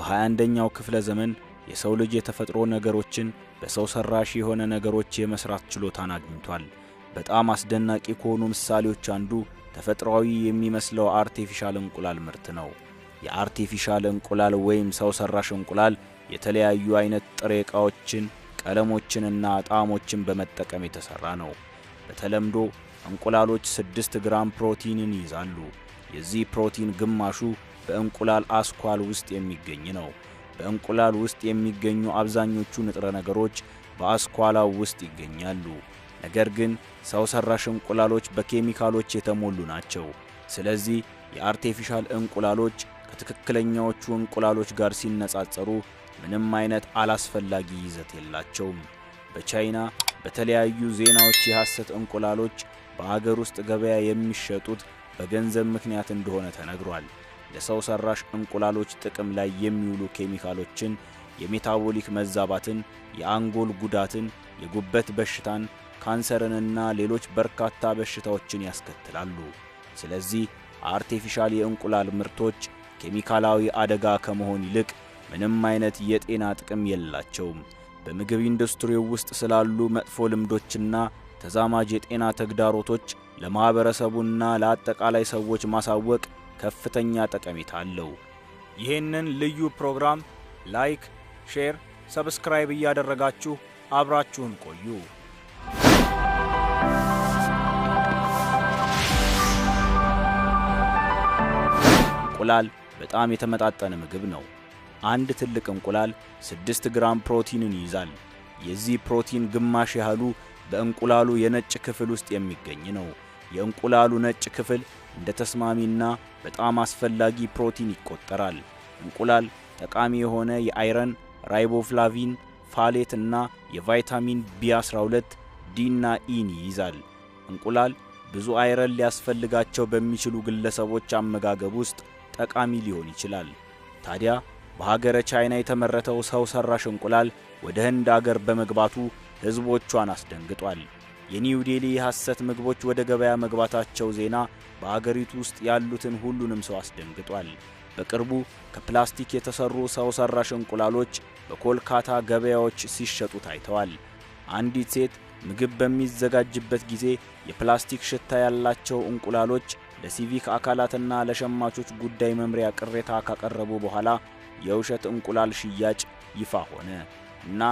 በ21ኛው ክፍለ ዘመን የሰው ልጅ የተፈጥሮ ነገሮችን በሰው ሰራሽ የሆነ ነገሮች የመስራት ችሎታን አግኝቷል። በጣም አስደናቂ ከሆኑ ምሳሌዎች አንዱ ተፈጥሯዊ የሚመስለው አርቴፊሻል እንቁላል ምርት ነው። የአርቴፊሻል እንቁላል ወይም ሰው ሰራሽ እንቁላል የተለያዩ አይነት ጥሬ ዕቃዎችን፣ ቀለሞችንና ጣዕሞችን በመጠቀም የተሰራ ነው። በተለምዶ እንቁላሎች 6 ግራም ፕሮቲንን ይይዛሉ። የዚህ ፕሮቲን ግማሹ በእንቁላል አስኳል ውስጥ የሚገኝ ነው። በእንቁላል ውስጥ የሚገኙ አብዛኞቹ ንጥረ ነገሮች በአስኳላው ውስጥ ይገኛሉ። ነገር ግን ሰው ሰራሽ እንቁላሎች በኬሚካሎች የተሞሉ ናቸው። ስለዚህ የአርቴፊሻል እንቁላሎች ከትክክለኛዎቹ እንቁላሎች ጋር ሲነጻጸሩ ምንም አይነት አላስፈላጊ ይዘት የላቸውም። በቻይና በተለያዩ ዜናዎች የሐሰት እንቁላሎች በአገር ውስጥ ገበያ የሚሸጡት በገንዘብ ምክንያት እንደሆነ ተነግሯል። ለሰው ሰራሽ እንቁላሎች ጥቅም ላይ የሚውሉ ኬሚካሎችን፣ የሜታቦሊክ መዛባትን፣ የአንጎል ጉዳትን፣ የጉበት በሽታን፣ ካንሰርንና ሌሎች በርካታ በሽታዎችን ያስከትላሉ። ስለዚህ አርቴፊሻል የእንቁላል ምርቶች ኬሚካላዊ አደጋ ከመሆን ይልቅ ምንም አይነት የጤና ጥቅም የላቸውም። በምግብ ኢንዱስትሪው ውስጥ ስላሉ መጥፎ ልምዶችና ተዛማጅ የጤና ተግዳሮቶች ለማኅበረሰቡና ለአጠቃላይ ሰዎች ማሳወቅ ከፍተኛ ጠቀሜታ አለው። ይህንን ልዩ ፕሮግራም ላይክ፣ ሼር፣ ሰብስክራይብ እያደረጋችሁ አብራችሁን ቆዩ። እንቁላል በጣም የተመጣጠነ ምግብ ነው። አንድ ትልቅ እንቁላል 6 ግራም ፕሮቲንን ይይዛል። የዚህ ፕሮቲን ግማሽ ያህሉ በእንቁላሉ የነጭ ክፍል ውስጥ የሚገኝ ነው። የእንቁላሉ ነጭ ክፍል እንደ ተስማሚና በጣም አስፈላጊ ፕሮቲን ይቆጠራል። እንቁላል ጠቃሚ የሆነ የአይረን፣ ራይቦፍላቪን፣ ፋሌት እና የቫይታሚን ቢ12 ዲ እና ኢን ይይዛል። እንቁላል ብዙ አይረን ሊያስፈልጋቸው በሚችሉ ግለሰቦች አመጋገብ ውስጥ ጠቃሚ ሊሆን ይችላል። ታዲያ በሀገረ ቻይና የተመረተው ሰው ሰራሽ እንቁላል ወደ ህንድ አገር በመግባቱ ህዝቦቿን አስደንግጧል። የኒው ዴሊ የሐሰት ምግቦች ወደ ገበያ መግባታቸው ዜና በአገሪቱ ውስጥ ያሉትን ሁሉንም ሰው አስደንግጧል። በቅርቡ ከፕላስቲክ የተሰሩ ሰው ሰራሽ እንቁላሎች በኮልካታ ገበያዎች ሲሸጡ ታይተዋል። አንዲት ሴት ምግብ በሚዘጋጅበት ጊዜ የፕላስቲክ ሽታ ያላቸው እንቁላሎች ለሲቪክ አካላትና ለሸማቾች ጉዳይ መምሪያ ቅሬታ ካቀረቡ በኋላ የውሸት እንቁላል ሽያጭ ይፋ ሆነ እና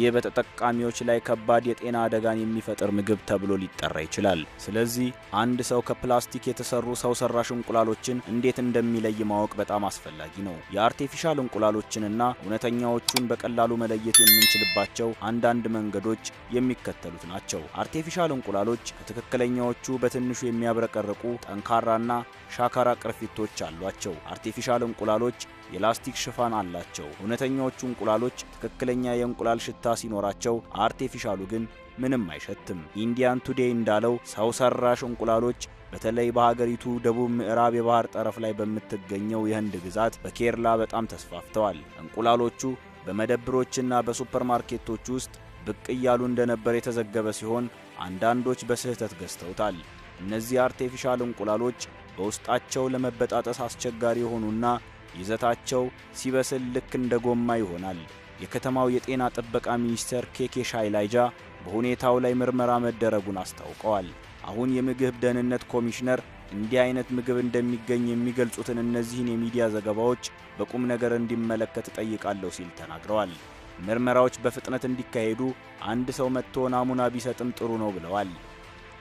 ይህ በተጠቃሚዎች ላይ ከባድ የጤና አደጋን የሚፈጥር ምግብ ተብሎ ሊጠራ ይችላል። ስለዚህ አንድ ሰው ከፕላስቲክ የተሰሩ ሰው ሰራሽ እንቁላሎችን እንዴት እንደሚለይ ማወቅ በጣም አስፈላጊ ነው። የአርቴፊሻል እንቁላሎችንና እውነተኛዎቹን በቀላሉ መለየት የምንችልባቸው አንዳንድ መንገዶች የሚከተሉት ናቸው። አርቴፊሻል እንቁላሎች ከትክክለኛዎቹ በትንሹ የሚያብረቀርቁ ጠንካራና ሻካራ ቅርፊቶች አሏቸው። አርቴፊሻል እንቁላሎች የላስቲክ ሽፋን አላቸው። እውነተኛዎቹ እንቁላሎች ትክክለኛ የእንቁላል ሽታ ሽታ ሲኖራቸው አርቴፊሻሉ ግን ምንም አይሸትም። ኢንዲያን ቱዴይ እንዳለው ሰው ሰራሽ እንቁላሎች በተለይ በሀገሪቱ ደቡብ ምዕራብ የባህር ጠረፍ ላይ በምትገኘው የህንድ ግዛት በኬርላ በጣም ተስፋፍተዋል። እንቁላሎቹ በመደብሮችና በሱፐርማርኬቶች ውስጥ ብቅ እያሉ እንደነበር የተዘገበ ሲሆን አንዳንዶች በስህተት ገዝተውታል። እነዚህ አርቴፊሻል እንቁላሎች በውስጣቸው ለመበጣጠስ አስቸጋሪ የሆኑና ይዘታቸው ሲበስል ልክ እንደ ጎማ ይሆናል። የከተማው የጤና ጥበቃ ሚኒስቴር ኬኬ ሻይላይጃ በሁኔታው ላይ ምርመራ መደረጉን አስታውቀዋል። አሁን የምግብ ደህንነት ኮሚሽነር እንዲህ አይነት ምግብ እንደሚገኝ የሚገልጹትን እነዚህን የሚዲያ ዘገባዎች በቁም ነገር እንዲመለከት እጠይቃለሁ ሲል ተናግረዋል። ምርመራዎች በፍጥነት እንዲካሄዱ አንድ ሰው መጥቶ ናሙና ቢሰጥም ጥሩ ነው ብለዋል።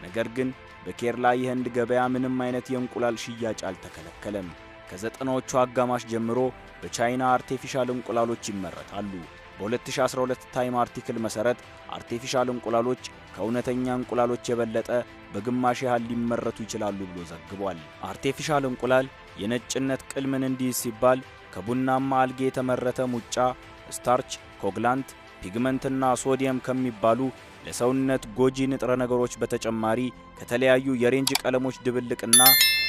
ነገር ግን በኬርላ የህንድ ገበያ ምንም አይነት የእንቁላል ሽያጭ አልተከለከለም። ከዘጠናዎቹ አጋማሽ ጀምሮ በቻይና አርቴፊሻል እንቁላሎች ይመረታሉ። በ2012 ታይም አርቲክል መሠረት አርቴፊሻል እንቁላሎች ከእውነተኛ እንቁላሎች የበለጠ በግማሽ ያህል ሊመረቱ ይችላሉ ብሎ ዘግቧል። አርቴፊሻል እንቁላል የነጭነት ቅልምን እንዲይዝ ሲባል ከቡናማ አልጌ የተመረተ ሙጫ፣ ስታርች፣ ኮግላንት፣ ፒግመንትና ሶዲየም ከሚባሉ ለሰውነት ጎጂ ንጥረ ነገሮች በተጨማሪ ከተለያዩ የሬንጅ ቀለሞች ድብልቅና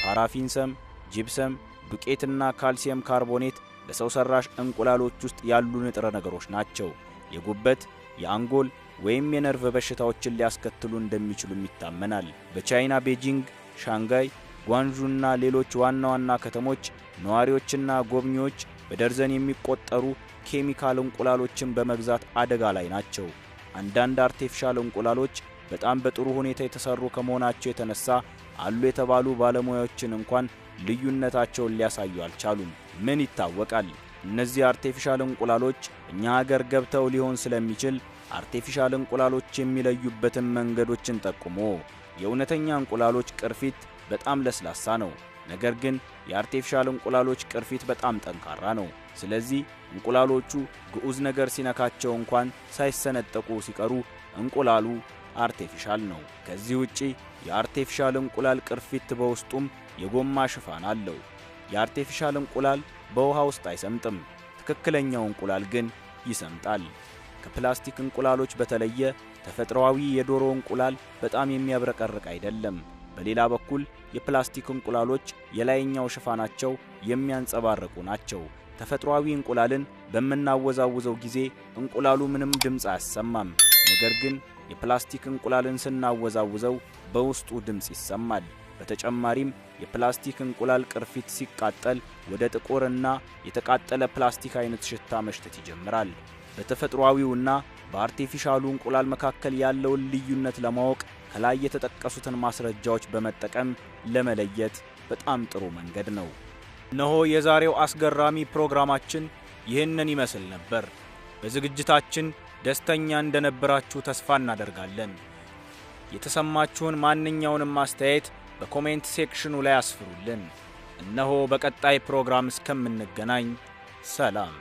ፓራፊን ሰም፣ ጂፕሰም ዱቄትና ካልሲየም ካርቦኔት በሰው ሰራሽ እንቁላሎች ውስጥ ያሉ ንጥረ ነገሮች ናቸው። የጉበት የአንጎል ወይም የነርቭ በሽታዎችን ሊያስከትሉ እንደሚችሉም ይታመናል። በቻይና ቤጂንግ፣ ሻንጋይ፣ ጓንዡና ሌሎች ዋና ዋና ከተሞች ነዋሪዎችና ጎብኚዎች በደርዘን የሚቆጠሩ ኬሚካል እንቁላሎችን በመግዛት አደጋ ላይ ናቸው። አንዳንድ አርቴፊሻል እንቁላሎች በጣም በጥሩ ሁኔታ የተሰሩ ከመሆናቸው የተነሳ አሉ የተባሉ ባለሙያዎችን እንኳን ልዩነታቸውን ሊያሳዩ አልቻሉም። ምን ይታወቃል? እነዚህ አርቴፊሻል እንቁላሎች እኛ ሀገር ገብተው ሊሆን ስለሚችል አርቴፊሻል እንቁላሎች የሚለዩበትን መንገዶችን ጠቁሞ የእውነተኛ እንቁላሎች ቅርፊት በጣም ለስላሳ ነው። ነገር ግን የአርቴፊሻል እንቁላሎች ቅርፊት በጣም ጠንካራ ነው። ስለዚህ እንቁላሎቹ ግዑዝ ነገር ሲነካቸው እንኳን ሳይሰነጠቁ ሲቀሩ እንቁላሉ አርቴፊሻል ነው። ከዚህ ውጪ የአርቴፊሻል እንቁላል ቅርፊት በውስጡም የጎማ ሽፋን አለው። የአርቴፊሻል እንቁላል በውሃ ውስጥ አይሰምጥም። ትክክለኛው እንቁላል ግን ይሰምጣል። ከፕላስቲክ እንቁላሎች በተለየ ተፈጥሯዊ የዶሮ እንቁላል በጣም የሚያብረቀርቅ አይደለም። በሌላ በኩል የፕላስቲክ እንቁላሎች የላይኛው ሽፋናቸው የሚያንጸባርቁ ናቸው። ተፈጥሯዊ እንቁላልን በምናወዛውዘው ጊዜ እንቁላሉ ምንም ድምፅ አያሰማም። ነገር ግን የፕላስቲክ እንቁላልን ስናወዛውዘው በውስጡ ድምፅ ይሰማል። በተጨማሪም የፕላስቲክ እንቁላል ቅርፊት ሲቃጠል ወደ ጥቁርና የተቃጠለ ፕላስቲክ አይነት ሽታ መሽተት ይጀምራል። በተፈጥሯዊውና በአርቴፊሻሉ እንቁላል መካከል ያለውን ልዩነት ለማወቅ ከላይ የተጠቀሱትን ማስረጃዎች በመጠቀም ለመለየት በጣም ጥሩ መንገድ ነው። እነሆ የዛሬው አስገራሚ ፕሮግራማችን ይህንን ይመስል ነበር። በዝግጅታችን ደስተኛ እንደነበራችሁ ተስፋ እናደርጋለን። የተሰማችሁን ማንኛውንም አስተያየት በኮሜንት ሴክሽኑ ላይ አስፍሩልን። እነሆ በቀጣይ ፕሮግራም እስከምንገናኝ ሰላም።